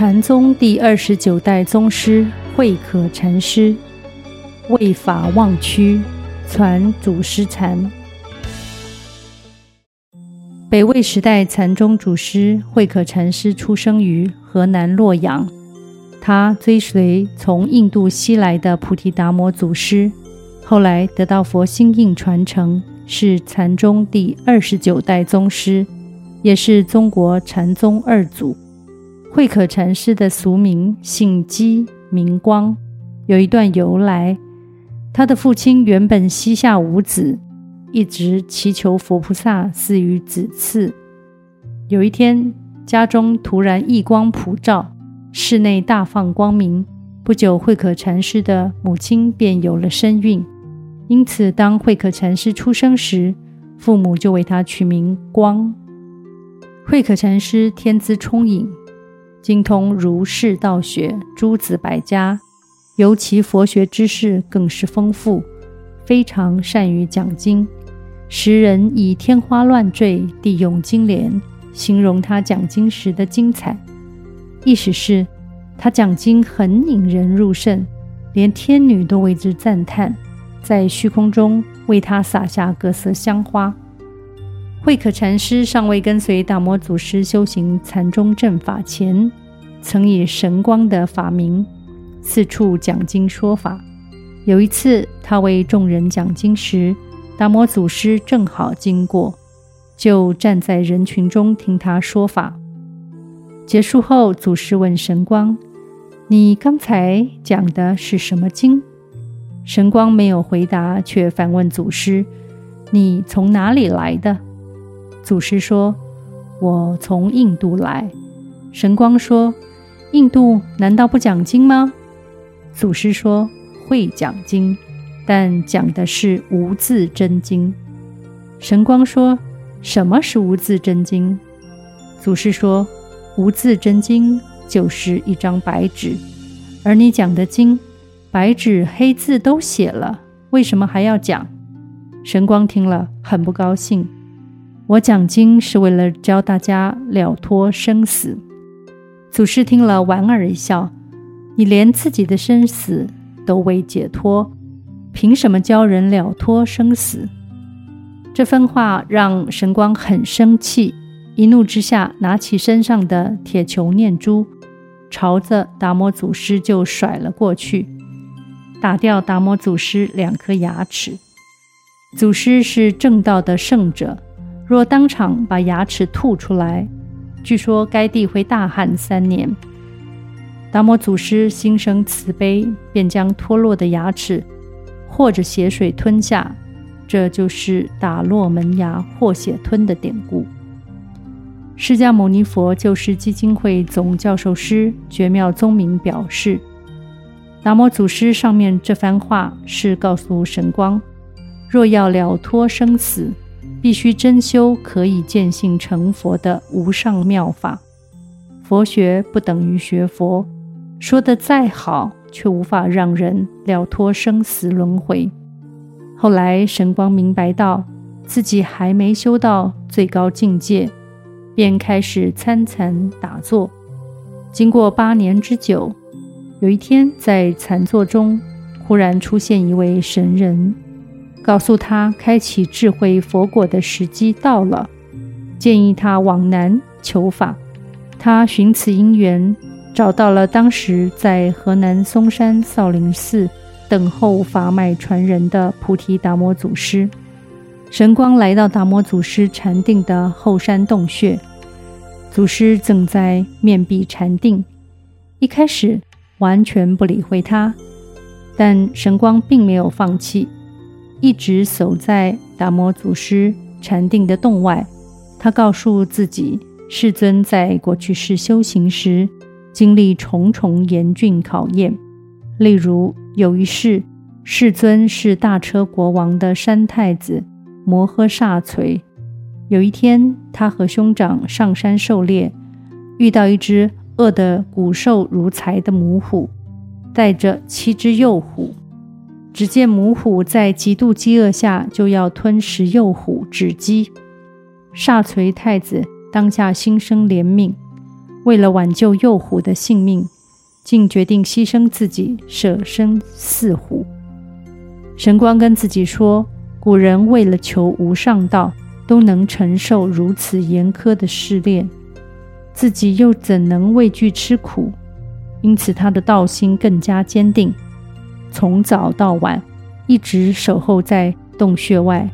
禪宗第二十九代宗師慧可禪師，為法忘軀，傳祖師禪。北魏時代，禪宗祖師慧可禪師出生於河南洛陽。他追隨從印度西來的菩提達摩祖師，後來得到佛心印傳承，是禪宗第二十九代宗師，也是中國禪宗二祖。慧可禪師的俗名姓姬，名光，有一段由來。他的父親原本膝下無子，一直祈求佛菩薩賜予子嗣。有一天，家中突然異光普照，室內大放光明。不久，慧可禪師的母親便有了身孕，因此當慧可禪師出生時，父母就為他取名光。慧可禪師天資聰穎。精通儒釋道學、諸子百家，尤其佛學知識更是豐富，非常善於講經。時人以“天花亂墜，地湧金蓮”形容他講經時的精彩，意思是他講經很引人入勝，連天女都為之讚嘆，在虛空中為他灑下各色香花。慧可禪師尚未跟隨達摩祖師修行禪宗正法前，曾以神光的法名四處講經說法。有一次，他為眾人講經時，達摩祖師正好經過，就站在人群中聽他說法。結束後，祖師問神光：“你剛才講的是什麼經？”神光沒有回答，卻反問祖師：“你從哪裡來的？”祖師說：“我從印度來。”神光說：“印度難道不講經嗎？”祖師說：“會講經，但講的是無字真經。”神光說：“什麼是無字真經？”祖師說：“無字真經就是一張白紙，而你講的經，白紙黑字都寫了，為什麼還要講？”神光聽了很不高興。我講經是為了教大家了脫生死。祖師聽了，莞爾一笑：“你連自己的生死都未解脫，憑什麼教人了脫生死？”這番話讓神光很生氣，一怒之下，拿起身上的鐵球念珠，朝着達摩祖師就甩了過去，打掉達摩祖師兩顆牙齒。祖師是正道的聖者。若當場把牙齒吐出來，據說該地會大旱三年。達摩祖師心生慈悲，便將脫落的牙齒或者血水吞下，這就是打落門牙和血吞的典故。釋迦牟尼佛救世基金會總教授師，覺妙宗明表示，達摩祖師上面這番話是告訴神光，若要了脫生死，必須真修，可以見性成佛的無上妙法。佛學不等於學佛，說得再好，卻無法讓人了脫生死輪迴。後來，神光明白到自己還沒修到最高境界，便開始參禪打坐。經過八年之久，有一天在禪坐中，忽然出現一位神人。告訴他，開啟智慧佛果的時機到了，建議他往南求法。他尋此因緣，找到了當時在河南嵩山少林寺等候法脈傳人的菩提達摩祖師。神光來到達摩祖師禪定的後山洞穴，祖師正在面壁禪定。一開始完全不理會他，但神光並沒有放棄。一直守在達摩祖師禪定的洞外，他告訴自己，世尊在過去世修行時，經歷重重嚴峻考驗。例如有一世，世尊是大車國王的三太子摩訶薩埵，有一天他和兄長上山狩獵，遇到一隻餓得骨瘦如柴的母虎，帶着七隻幼虎。只見母虎在極度飢餓下就要吞食幼虎止飢，薩埵太子當下心生憐憫，為了挽救幼虎的性命，竟決定犧牲自己捨身飼虎。神光跟自己說：“古人為了求無上道，都能承受如此嚴苛的試煉，自己又怎能畏懼吃苦？”因此，他的道心更加堅定。從早到晚，一直守候在洞穴外。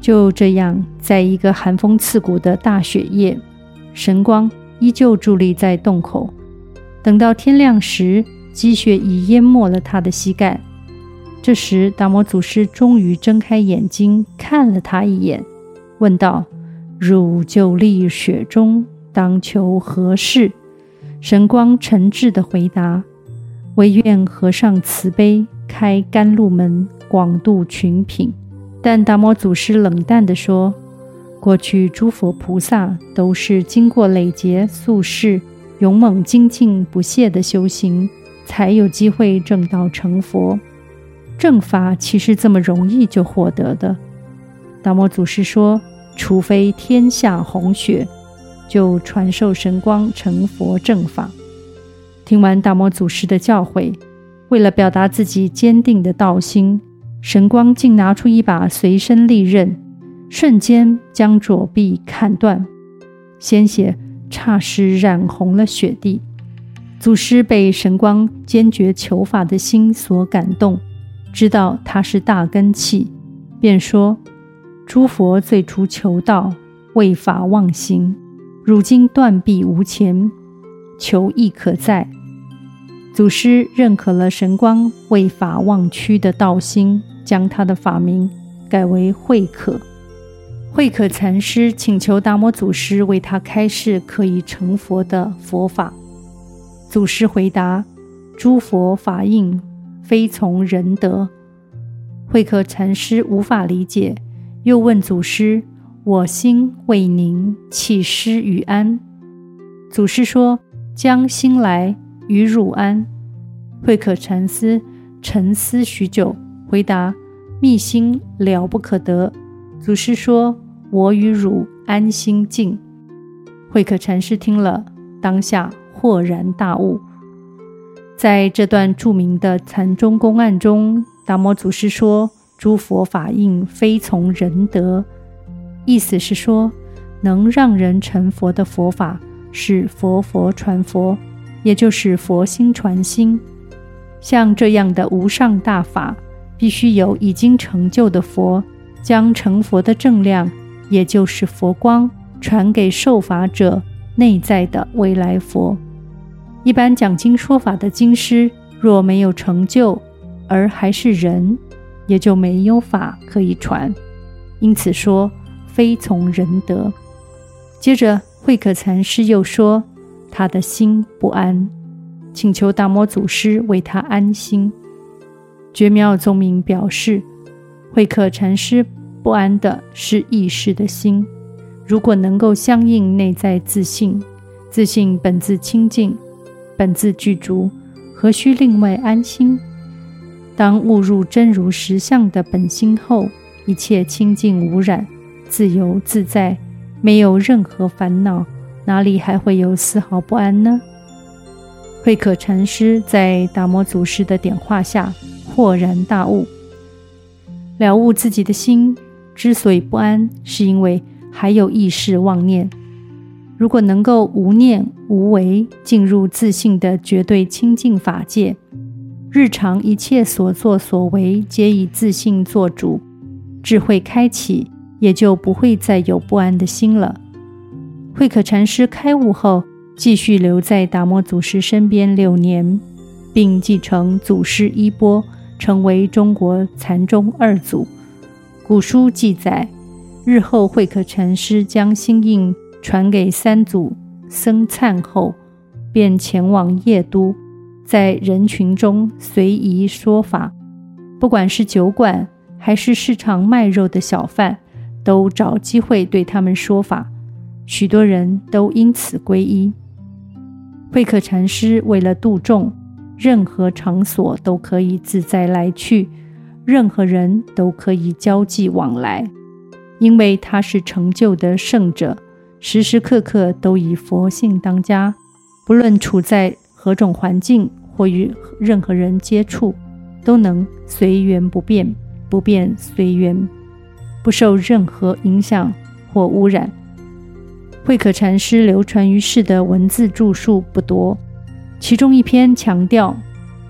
就這樣，在一個寒風刺骨的大雪夜，神光依舊佇立在洞口。等到天亮時，積雪已淹沒了他的膝蓋。這時，達摩祖師終於睜開眼睛，看了他一眼，問道：“汝久立雪中，當求何事？”神光誠摯地回答。唯願和尚慈悲，開甘露門，廣度群品。但達摩祖師冷淡地說：“過去諸佛菩薩都是經過累劫宿世，勇猛精進不懈的修行，才有機會證道成佛。正法豈是這麼容易就獲得的？”達摩祖師說：“除非天下紅雪，就傳授神光成佛正法。”聽完達摩祖師的教誨，為了表達自己堅定的道心，神光竟拿出一把隨身利刃，瞬間將左臂砍斷，鮮血霎時染紅了雪地。祖師被神光堅決求法的心所感動，知道他是大根器，便說：“諸佛最初求道，為法忘形；如今斷臂吾前，求亦可在。”祖師認可了神光為法忘軀的道心，將他的法名改為慧可。慧可禪師請求達摩祖師為他開示可以成佛的佛法。祖師回答：“諸佛法印，非從人得。”慧可禪師無法理解，又問祖師：“我心未寧，乞師與安？”祖師說：“將心來，與汝安。”慧可禪師沉思許久，回答：“密心了不可得。”祖師說：“我與汝安心靜。”慧可禪師聽了，當下豁然大悟。在這段著名的禪宗公案中，達摩祖師說：“諸佛法印非從人得。”意思是說，能讓人成佛的佛法是佛佛傳佛，也就是佛心傳心。像這樣的無上大法，必須有已經成就的佛，將成佛的正量，也就是佛光，傳給受法者內在的未來佛。一般講經說法的經師，若沒有成就，而還是人，也就沒有法可以傳。因此說，非從人得。接着，慧可禪師又說，他的心不安。請求達摩祖師為他安心。覺妙宗明表示：慧可禪師不安的是意識的心。如果能夠相應內在自信，自信本自清淨，本自具足，何須另外安心？當悟入真如實相的本心後，一切清淨無染，自由自在，沒有任何煩惱，哪裡還會有絲毫不安呢？慧可禪師在達摩祖師的點化下豁然大悟，了悟自己的心之所以不安，是因為還有意識妄念。如果能夠無念無為，進入自性的絕對清淨法界，日常一切所作所為皆以自性做主，智慧開啟，也就不會再有不安的心了。慧可禪師開悟後，繼續留在達摩祖師身邊六年，並繼承祖師衣缽，成為中國禪宗二祖。古書記載，日後慧可禪師將心印傳給三祖僧璨後，便前往鄴都，在人群中隨意說法，不管是酒館還是市場賣肉的小販，都找機會對他們說法，許多人都因此皈依。慧可禪師為了度眾，任何場所都可以自在來去，任何人都可以交際往來，因為他是成就的聖者，時時刻刻都以佛性當家，不論處在何種環境或與任何人接觸，都能隨緣不變，不變隨緣，不受任何影響或污染。慧可禪師流傳於世的文字著述不多，其中一篇強調，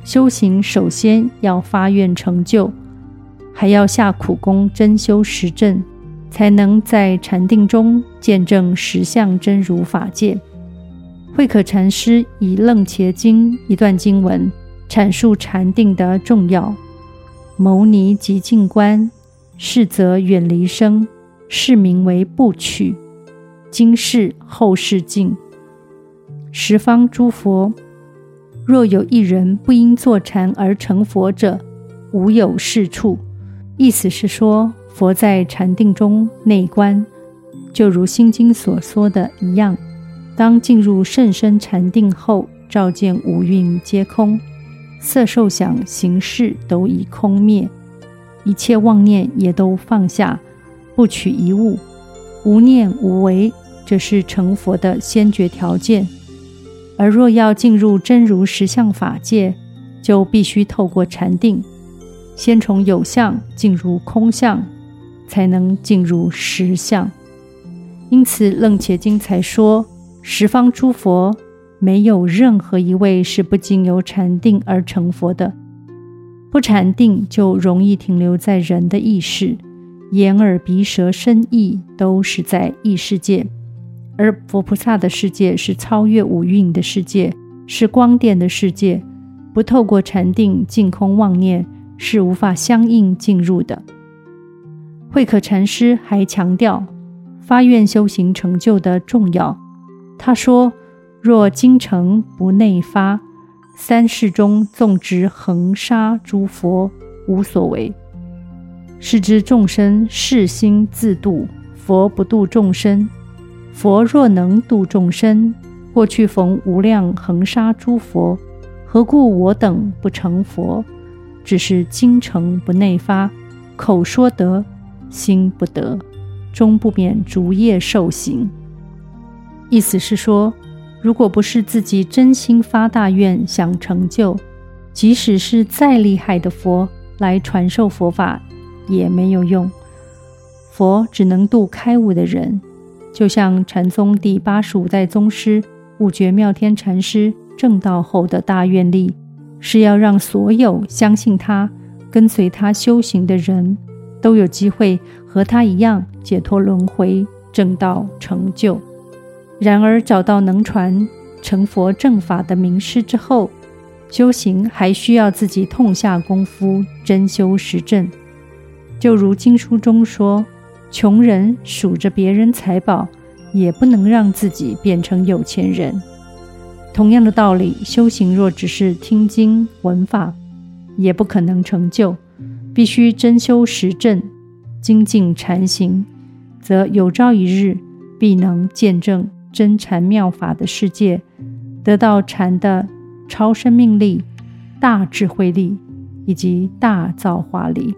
修行首先要發願成就，還要下苦功真修實證，才能在禪定中見證實相真如法界。慧可禪師以《楞伽經》一段經文闡述禪定的重要：“牟尼即靜觀，是則遠離生，是名為不取。”今世後世盡，十方諸佛，若有一人不因坐禪而成佛者，無有是處。意思是說，佛在禪定中內觀，就如《心經》所說的一樣，當進入甚深禪定後，照見五蘊皆空，色、受、想、行、識都已空滅，一切妄念也都放下，不取一物。無念無為，這是成佛的先決條件。而若要進入真如實相法界，就必須透過禪定，先從有相進入空相，才能進入實相。因此，《楞伽經》才說，十方諸佛沒有任何一位是不經由禪定而成佛的。不禪定，就容易停留在人的意識。眼耳鼻舌身意都是在異世界，而佛菩薩的世界是超越五蘊的世界，是光電的世界，不透過禪定淨空妄念是無法相應進入的。慧可禪師還強調發願修行成就的重要。他說：“若精誠不內發，三世中縱值恆沙諸佛，無所為。”是知眾生是心自度，佛不度眾生。佛若能度眾生，過去逢無量恆沙諸佛，何故我等不成佛？只是精誠不內發，口說得，心不得，終不免逐業受刑。意思是說，如果不是自己真心發大願想成就，即使是再厲害的佛來傳授佛法。也沒有用，佛只能度開悟的人。就像禪宗第八十五代宗師悟覺妙天禪師證道後的大願力，是要讓所有相信他、跟隨他修行的人都有機會和他一樣解脫輪迴、證道成就。然而，找到能傳承佛正法的名師之後，修行還需要自己痛下功夫，真修實證。就如經書中說，窮人數着別人財寶，也不能讓自己變成有錢人。同樣的道理，修行若只是聽經聞法，也不可能成就。必須真修實證，精進禪行，則有朝一日必能見證真禪妙法的世界，得到禪的超生命力、大智慧力以及大造化力。